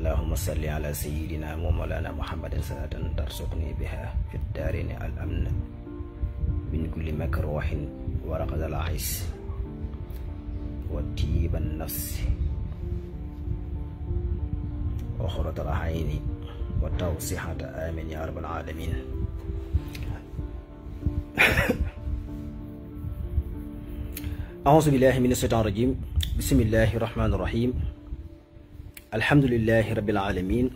اللهم صل على سيدنا ومولانا محمد صلاة ترزقني بها في الدارين الأمن من كل مكروه ورقد العيش وطيب النفس وخرة العين وتوسحة آمن يا رب العالمين أعوذ بالله من الشيطان الرجيم بسم الله الرحمن الرحيم الحمد لله رب العالمين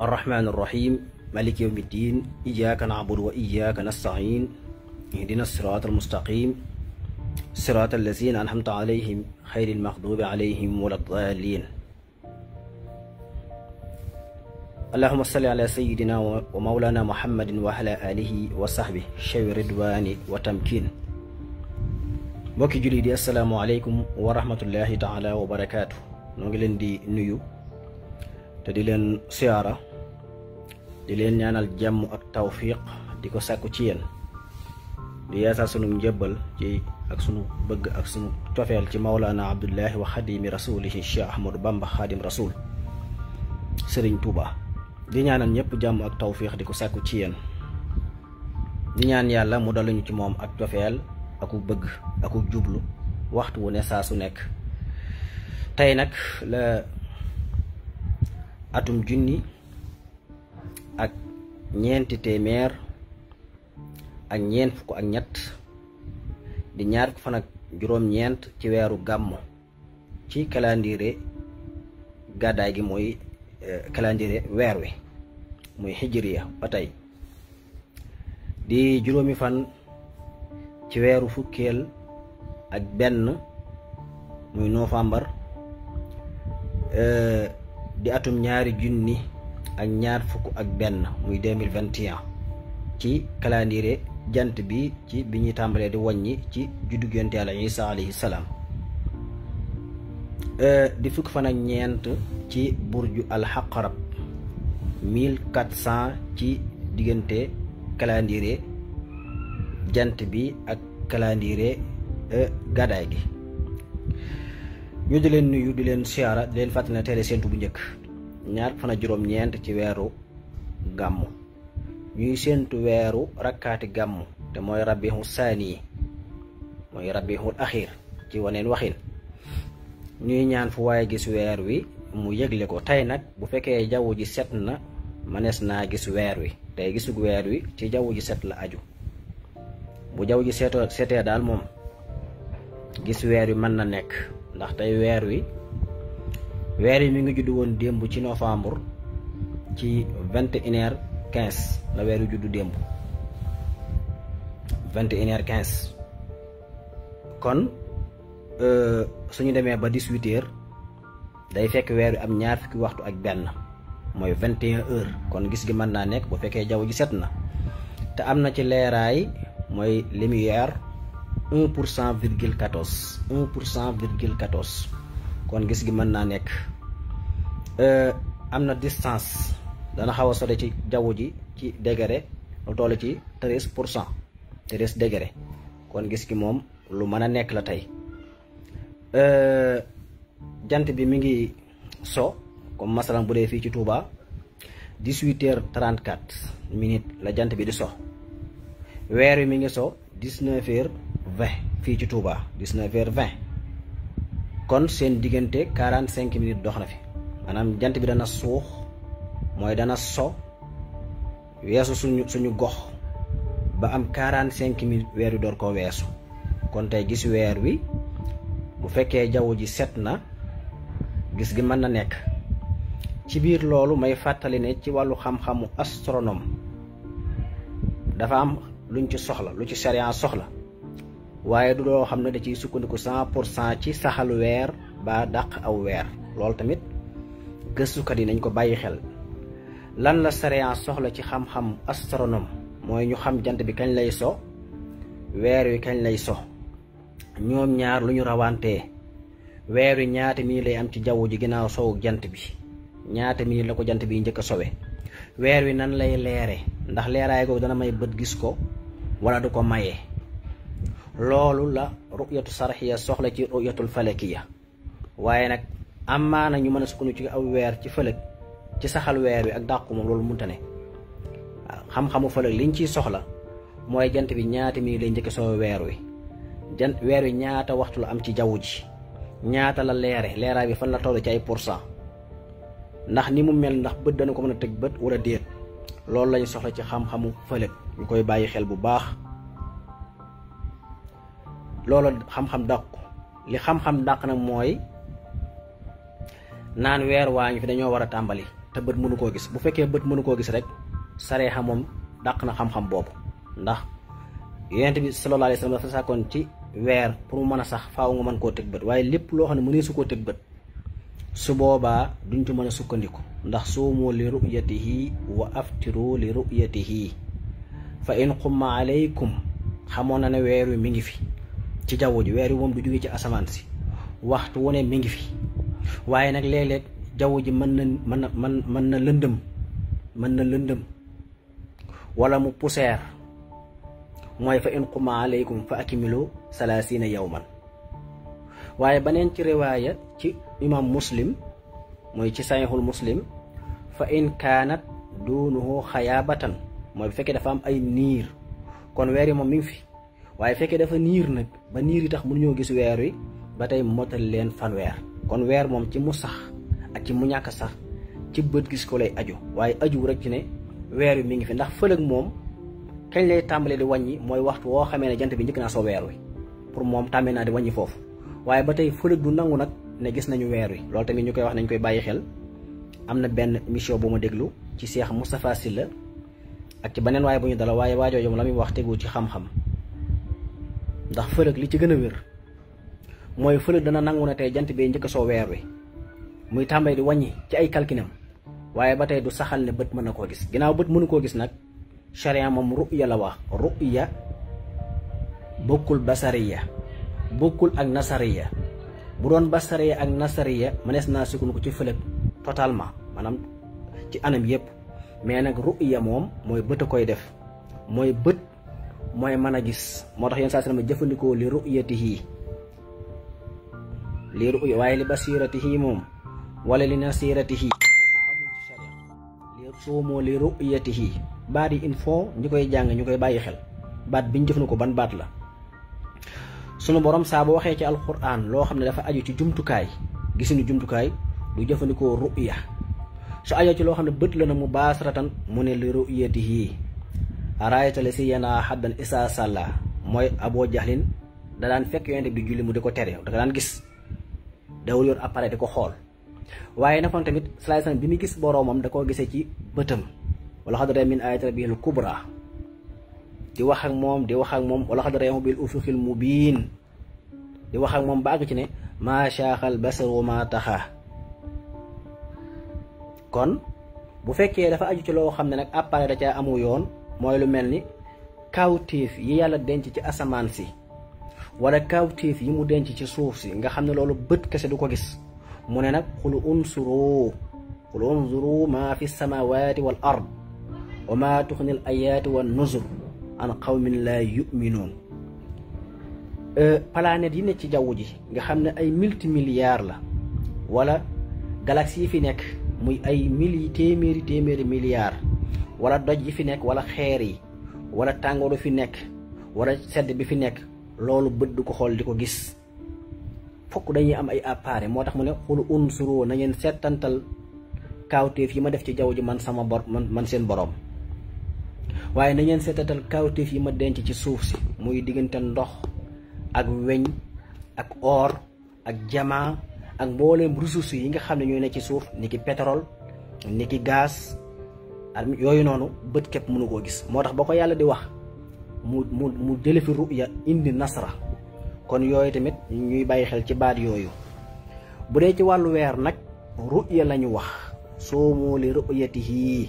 الرحمن الرحيم ملك يوم الدين إياك نعبد وإياك نستعين اهدنا الصراط المستقيم صراط الذين أنعمت عليهم خير المغضوب عليهم ولا الضالين اللهم صل على سيدنا ومولانا محمد وعلى آله وصحبه شوي رضوان وتمكين بوكي جليدي السلام عليكم ورحمة الله تعالى وبركاته no ngi len di nuyu te di len siara di len ñaanal jamm ak tawfiq di sakku ci yeen di yaasa sunu njëbbal ci ak sunu bëgg ak sunu tofel ci maulana abdullahi wa khadim rasulih cheikh ahmad bamba khadim rasul serigne touba di ñaanal ñepp jamm ak tawfiq di sakku ci yeen di ñaan yalla mu ñu ci mom ak tofel aku bëgg aku jublu waxtu wu ne su nek tay nag la atum junni ak ñeenti téeméer ak ñeent fukk ak ñett di ñaar ko fan ak juróom ñeent ci weeru gàmm ci calendire gàddaay gi mooy eh, calendire weer wi muy hijria ba tey di juróomi fan ci weeru fukkeel ak benn muy novembre Eh, di atum ñaari junni ak ñaar fukk ak benn muy 2021 ci calendrier jant bi ci bi ñuy tàmbalee di wàññi ci juddug yonte yàlla isa alayhi salaam eh, di fukk fan ak ñeent ci burju al haqarab 1400 ci diggante calendrier jant bi ak calendrier eh, gaday gi ñu di leen nuyu di leen siyaara di leen fàttali ne teele séentu bu njëkk ñaar fan ci weeru gàmmu ñuy séentu weeru rakkaati gàmmu te mooy rabiixu saani yi mooy rabiixul axiir ci woneen waxiin ñuy ñaan fu waaye gis weer wi mu yëgle ko tey nag bu fekkee jaww ji set na mënees naa gis weer wi tey gisug weer wi ci jaww ji set la aju bu jaww ji seetoo setee daal moom gis weer wi mën na nekk ndax tey weer wi weer wi mi ngi judd woon démb ci novembre ci vingt et une heure wi juddu démb vingt et quinze kon euh, suñu demee ba dix huit day fekk weer wi am ñaar fukki waxtu ak benn mooy vingt et heure kon gis gi mën naa nekk bu fekkee jaww ji set na te am na ci leeraay mooy lumière un pour cent virgule quatorze un pour cent virgule quatorze kon gis gi mën naa nekk euh, am na distance dana xaw a sore ci jaww ji ci degré lu toll ci treize pour cent treize degré kon gis gi moom lu mën a nekk la tey euh, jant bi mi ngi so comme masalan bu dee fii ci Touba dix-huit trent trente-quatre minutes la jant bi di so weer wi mi ngi so dix 20, fi ci Touba dix neuf heures kon seen diggante 45 minutes dox na fi manam jant bi dana sox moy dana so wessu suñu suñu gox ba am 45 minutes wéru dor ko wessu kon tay gis wér wi bu féké jawu ji setna gis gi man na nek ci bir lolu may fatali ne ci walu xam-xamu astronome dafa am luñ ci soxla lu ci sharia soxla waaye du loo xam na da ciy sukkandiku cent pour cent ci saxal weer ba dàq aw weer loolu tamit gëstukat yi nañ ko bàyyi xel lan la sariya soxla ci xam-xam astronome mooy ñu xam jant bi kañ lay so weer wi kañ lay so ñoom ñaar lu ñu rawantee weer wi ñaata mii lay am ci jaww ji ginnaaw sowu jant bi ñaata mii la ko jant bi njëkk a sowe weer wi nan lay leere ndax leeraay ko dana may bët gis ko wala du ko maye. loolu la ru'yatu saraxiya soxla ci ru'yatul falakiya waaye nag amaana ñu mën a sukkandu ci aw weer ci fëlëg ci saxal weer wi ak dàqu moom loolu munta ne xam-xamu fëlëg liñ ciy soxla mooy jant bi ñaata mii lay njëkk soo weer wi jant weer wi ñaata waxtu la am ci jaww ji ñaata la leere leeraay bi fan la toll ci ay pour cent ndax ni mu mel ndax bët dana ko mën a tëg bët wala déet loolu lañu soxla ci xam-xamu fëlëg ñu koy bàyyi xel bu baax loola xam-xam dàq ko li xam-xam dàq na mooy naan weer waa ngi fi dañoo war a tàmbali te bët mënu koo gis bu fekkee bët mënu koo gis rek sareexa moom dàq na xam-xam boobu ndax yonent bi sallallahu alayhi wasallam dafa sàkkoon ci weer pour mu mën a sax faaw nga mën koo teg bët waaye lépp loo xam ne mënee su koo teg bët su boobaa duñ ci mën a sukkandiku ndax suumu li ru'yatihi wa aftiru li ru'yatihi fa in qumma alaykum xamoon na ne weer wi mi ngi fi ci jaww ji weer wi moom du jóge ci asamaan si waxtu wu ne mi ngi fi waaye nag léeg-léeg jaww ji mën na man na mën na lëndëm mën na lëndëm wala mu poussière mooy fa in quma aleykum fa akmilu salaasina yawman waaye beneen ci riwaaya ci imam muslim mooy ci saxiixul muslim fa in kaanat duunuhu xayaabatan mooy bu fekkee dafa am ay niir kon weer moom mi fi waaye fekkee dafa niir nag ba niir yi tax mënuñoo gis weer wi ba tey motal leen fanweer kon weer moom ci mu sax ak ci mu ñàkk sax ci bët gis ko lay aju waaye aju rek ci ne weer wi mi ngi fi ndax fëlëg moom kañ lay tàmbalee di wàññi mooy waxtu woo xamee ne jant bi njëkk naa soo weer wi pour moom tàmbee naa di wàññi foofu waaye ba tey fëlëg du nangu nag ne gis nañu weer wi loolu tamit ñu koy wax nañ koy bàyyi xel am na benn mission bu ma déglu ci Cheikh Moustapha Sylla ak ci beneen waaye bu ñu dala waaye waajooju la muy wax tegu ci xam ndax fëlëg li ci gën a wér mooy fëlëg dana nangu ne tey jant bee njëkk soo weer wi muy tàmbali di wàññi ci ay calculam waaye ba tey du saxal ne bët mën na koo gis ginnaaw bët mënu koo gis nag charia moom ruya la wax ruya bokkul basariya bokkul ak nasariya bu doon basariya ak nasariya mënees naa sukkandiku ci fëlëg totalement maanaam ci anam yépp mais nag ruya moom mooy bët a koy def mooy bët moy mana gis motax yeen yéen saa sallam jëfandikoo li ru'yatihi li ru'ya way li basiratihi moom wala li nasiratihi soomoo li ru'yatihi bari info ñukoy jang ñukoy bayyi bad xel bat biñ jeufnuko Al ban bat la sunu borom sa bo waxe ci alquran lo xamne dafa aju ci jumtukaay gisinu jumtukaay du jeufandiko ru'ya su ajoo ci lo xamne beut la na mu basratan li ru'yatihi araayta la si yana haddan isa sala moy abo jahlin da dan fek yende bi julli mu diko tere da daan gis dawul yoon appareil di ko xool waaye nag noonu tamit salaay bi mi gis boromam da ko gisee ci bëtam wala hadra min ayati rabbil kubra di wax ak mom di wax ak mom wala hadra bil mubin di wax ak mom ba ci ne maa shaaxal ma taha kon bu fekke dafa aju ci lo xamne nak da ca amu yon mooy lu mel ni kawtéef yi yàlla denc ci asamaan si wala kawtéef yi mu denc ci suuf si nga xam ne loolu bët kese du ko gis mu ne nag xul unsuru xul unsuru maa fi samawati wal ard wa maa tuxni ayaati wa nuzur an qawmin laa yuminuun euh, planètes yi ne ci jaww ji nga xam ne ay multi milliards la wala galaxie yi fi nekk muy ay mille téeméeri téeméeri milliards wala doj yi fi nekk wala xeer yi wala tàngooru fi nekk wala sedd bi fi nekk loolu bët du ko xool di ko gis fokk dañuy am ay appareil moo tax mu ne xul unsuru na ngeen seetantal kawteef yi ma def ci jaww ji man sama bor man man seen borom waaye na ngeen seetantal kawteef yi ma denc ci suuf si muy diggante ndox ak weñ ak or ak jamaa ak mboolem ressources yi nga xam ne ñooy nekk ci suuf ni ki pétrole ni ki gaz armi yooyu noonu bët képp mënu koo gis moo tax ba ko yàlla di wax mu mu mu jële fi ruya indi nasara kon yooyu tamit ñuy bàyyi xel ci baat yooyu bu dee ci wàllu weer nag ruya la ñu wax soomoo li ruyatihi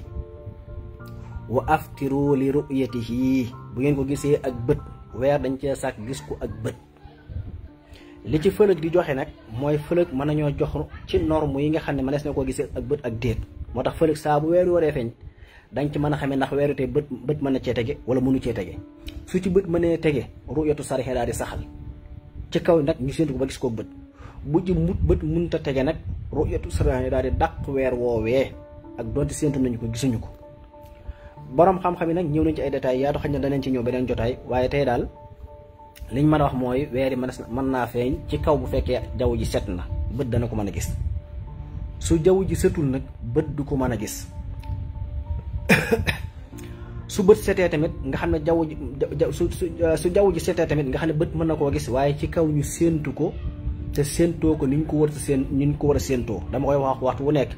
wa aftiru li ruyatihi bu ngeen ko gisee ak bët weer dañ cee sàkk gis ko ak bët li ci fëlëg di joxe nag mooy fëlëg mën nañoo jox ci norme yi nga xam ne mënees na ko gisee ak bët ak déet moo tax fëlëg saa bu weer waree feeñ dañ ci mën a xamee ndax weeru bët bët mën a cee tege wala mënu cee tege su ci bët mën mënee tege ru'yatu sarixee daal di saxal ci kaw nag ñu séntu ko ba ko bët bu ci mut bët mënut a tege nag ru'yatu sarixee daal di dàq weer woowee ak donte séntu nañu ko gisuñu ko boroom xam-xam yi nag ñëw nañ ci ay détails yaatu xëy na danañ ci ñëw beneen jotaay waaye tey daal liñ mën a wax mooy weer yi mën naa feeñ ci kaw bu fekkee jaww ji set na bët dana ko mën a gis su jaww ji setul nag bët du ko mën a gis su bët setee tamit nga xam ne jaww ji su su su jaww ji setee tamit nga xam ne bët mën na koo gis waaye ci kaw ñu séentu ko te séentoo ko ni ñu ko war a seen ni ñu ko war a séentoo dama koy wax waxtu wu nekk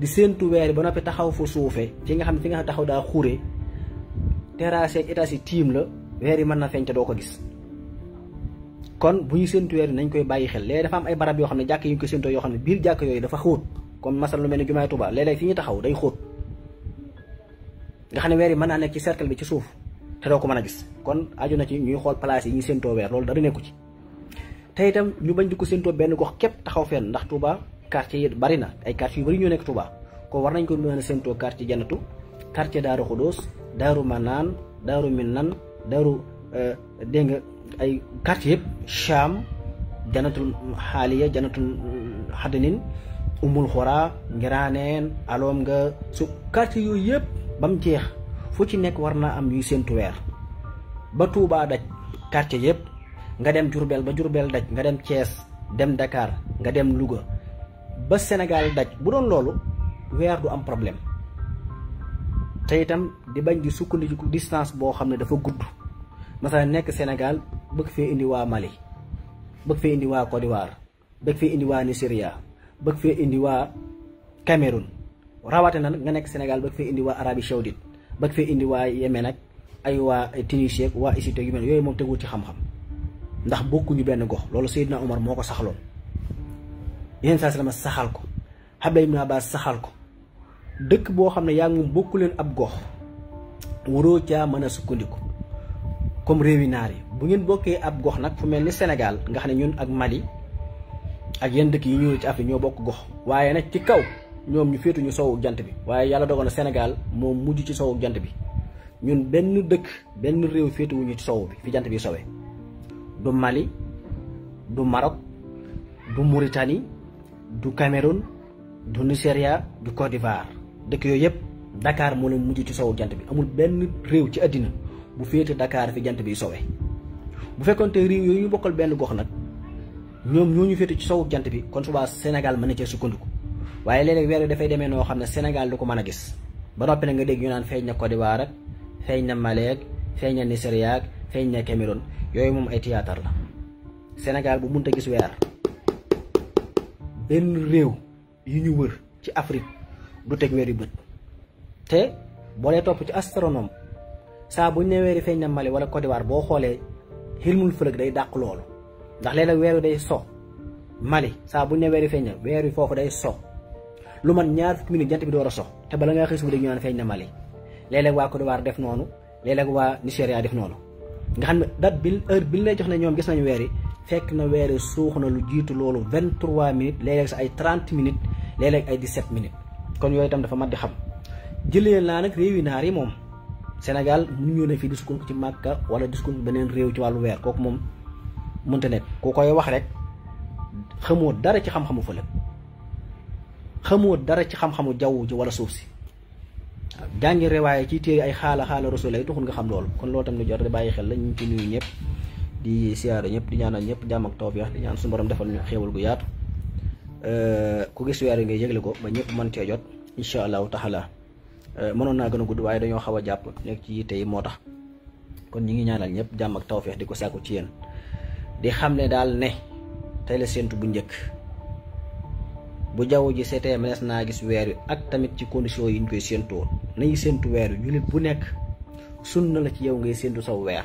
di séentu weer ba noppi taxaw fa suufee ci nga xam ne fi nga xam taxaw daa xuure terrasse ak étage tiim la weer yi mën na feeñ te doo ko gis kon bu ñu séentu weer yi nañ koy bàyyi xel léegi dafa am ay barab yoo xam ne jàkk yi ñu koy séentoo yoo xam ne biir lu mel ni jumaay Tuubaa léeg ñu taxaw day xóot nga xam ne weer yi mën naa nekk ci cercle bi ci suuf te doo ko mën a gis kon aju na ci ñuy xool place yi ñuy séentoo weer loolu dara nekku ci te itam ñu bañ di ko séentoo benn gox képp taxaw fenn ndax Touba quartier yi bari na ay quartier yu bari ñu nekk Touba kon war nañ ko mën a janatu quartier Jannatu quartier Daaru Xudoos Daaru Manaan Daaru Minan Daaru euh, dégg nga ay quartier yëpp Cham Jannatul Xaaliya Jannatul Xadanin Umul Xora Ngiraaneen Alom nga su quartier yooyu yëpp ba mu jeex fu ci nekk war naa am yuy séntu weer ba Touba daj quartier yépp nga dem Diourbel ba Diourbel daj nga dem Thiès dem Dakar nga dem Louga ba Sénégal daj bu doon loolu weer du am problème te di bañ di sukkandiku distance boo xam ne dafa gudd masala nekk Sénégal bëgg fee indi waa Mali bëgg fi indi waa Côte d'Ivoire bëgg fee indi waa Nigeria bëgg fee indi waa Cameroun rawaate na nag nga nekk Sénégal ba fee indi waa Arabie Saoudite ba fee indi waa Yémen ak ay waa Tunisie ak waa Égypte yu mel yooyu moom tegul ci xam-xam ndax bokkuñu benn gox loolu Seydina Omar moo ko saxaloon yeneen saa salama saxal ko Abdallah ibn Abbas saxal ko dëkk boo xam ne yaa ngi leen ab gox waroo caa mën a sukkandiku comme réewi yi bu ngeen bokkee ab gox nag fu mel ni Sénégal nga xam ne ñun ak Mali ak yenn dëkk yi ñëw ci Afrique ñoo bokk gox waaye nag ci kaw ñoom ñu féetu ñu sowwu jant bi waaye yàlla dogal na Sénégal moom mujj ci sowwu jant bi ñun benn dëkk benn réew féetuwuñu ci sowu bi fi jant bi sowee du Mali du Maroc du Mauritanie du Cameroun du Nigeria du Côte d'Ivoire dëkk yooyu yëpp Dakar moo leen mujj ci sowu jant bi amul benn réew ci àddina bu féete dakaar fi jant bi sowee bu fekkoonte réew yooyu ñu bokkal benn gox nag ñoom ñoo ñu féete ci sowu jant bi kon subaa senegal mën na cee sukkandiku waaye léeg-léeg weer wi dafay demee noo xam ne Sénégal du ko mën a gis ba noppi na nga dégg yonaan naan feeñ na Côte d'Ivoire ak feeñ na Mali ak feeñ na Nigeria ak feeñ na Cameroun yooyu moom ay théâtre la Sénégal bu munta gis weer benn réew yu ñu wër ci Afrique du teg weer yu bët te boo lay topp ci astoronom saa bu ñu nee weer feeñ na Mali wala Côte boo xoolee mul fëlëg day dàq loolu ndax léeg-léeg weer wi day so Mali saa bu ñu nee weer yi feeñ na weer day so lu man ñaar fukki minute jant bi door a sox te bala ngaa xëy suba dégg ñu naan feeñ na Mali léeg waa Côte d'Ivoire def noonu léeg waa Nigéria def noonu nga xam ne date bi heure bi lay jox ne ñoom gis nañu weer yi fekk na weer suux na lu jiitu loolu 23 minutes léeg-léeg ay 30 minutes léeg-léeg ay 17 minutes kon yooyu tam dafa mat di xam jëlee naa nag réew yi naar yi moom Sénégal ñu ñëw ne fi discours ko ci Màkka wala discours beneen réew ci wàllu weer kooku moom mënta nekk koy wax rek xamoo dara ci xam-xamu fële xamoo dara ci xam-xamu jaww ji wala suuf si waaw jàngi riwaaya ci téere ay xaala xaala rasul ay taxul nga xam loolu kon loo tam lu jot di bàyyi xel la ñu ci nuyu ñëpp di siyaara ñëpp di ñaanal ñëpp jàmm ak tawfiix di ñaan suñu borom defal ñu xéewal gu yaatu euh, ku gis weer yi ngay yëgle ko ba ñëpp mën cee jot incha allahu taala euh, mënoon naa gën a gudd waaye dañoo xaw a jàpp nekk ci yitte moo tax kon ñi ngi ñaanal ñëpp jàmm ak tawfeex di ko sàkku ci yéen di xam ne daal ne tey la séentu bu njëkk bu jaww ji seetee mënees naa gis weer wi ak tamit ci condition yi ñu koy séentoo nañu séentu weer wi jullit bu nekk sunna la ci yow ngay séentu saw weer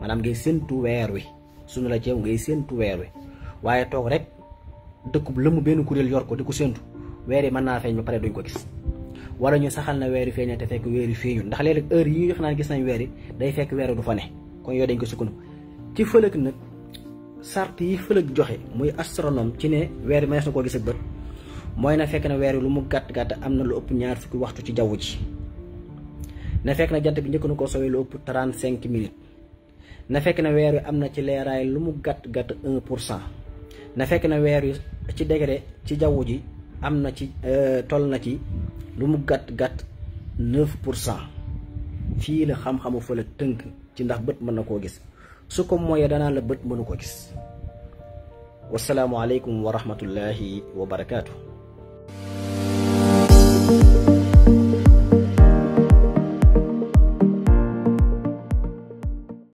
maanaam ngay séentu weer wi sunna la ci yow ngay weer wi waaye toog rek dëkkub lëmm benn kuréel yor ko di ko séentu weer yi mën naa feeñ ba pare duñ ko gis wala ñu saxal na weer yi feeñee te fekk weer yi feeñul ndax léeg-léeg heure yi ñu wax naan gis nañ weer yi day fekk weer du fa ne kon yooyu dañ ko sukkandu ci fëlëg nag sart yi fëlëg joxe muy astronome ci ne weer yi mënees na koo mooy na fekk na weer wi lu mu gàtt gàtt am na lu ëpp ñaar fukki waxtu ci jaww ji na fekk na jant bi njëkk na ko sowee lu ëpp 35 na fekk na weer wi am na ci leeraay lu mu gàtt gàtt 1 pour cent na fekk na weer wi ci degré ci jaww ji am na ci euh, toll na ci lu mu gàtt gàtt 9 pour cent fii la xam-xamu fa la tënk ci ndax bët mën na koo gis su ko mooyee danaa la bët mënu ko gis wasalaamualeykum wa rahmatullahi wa barakaatu.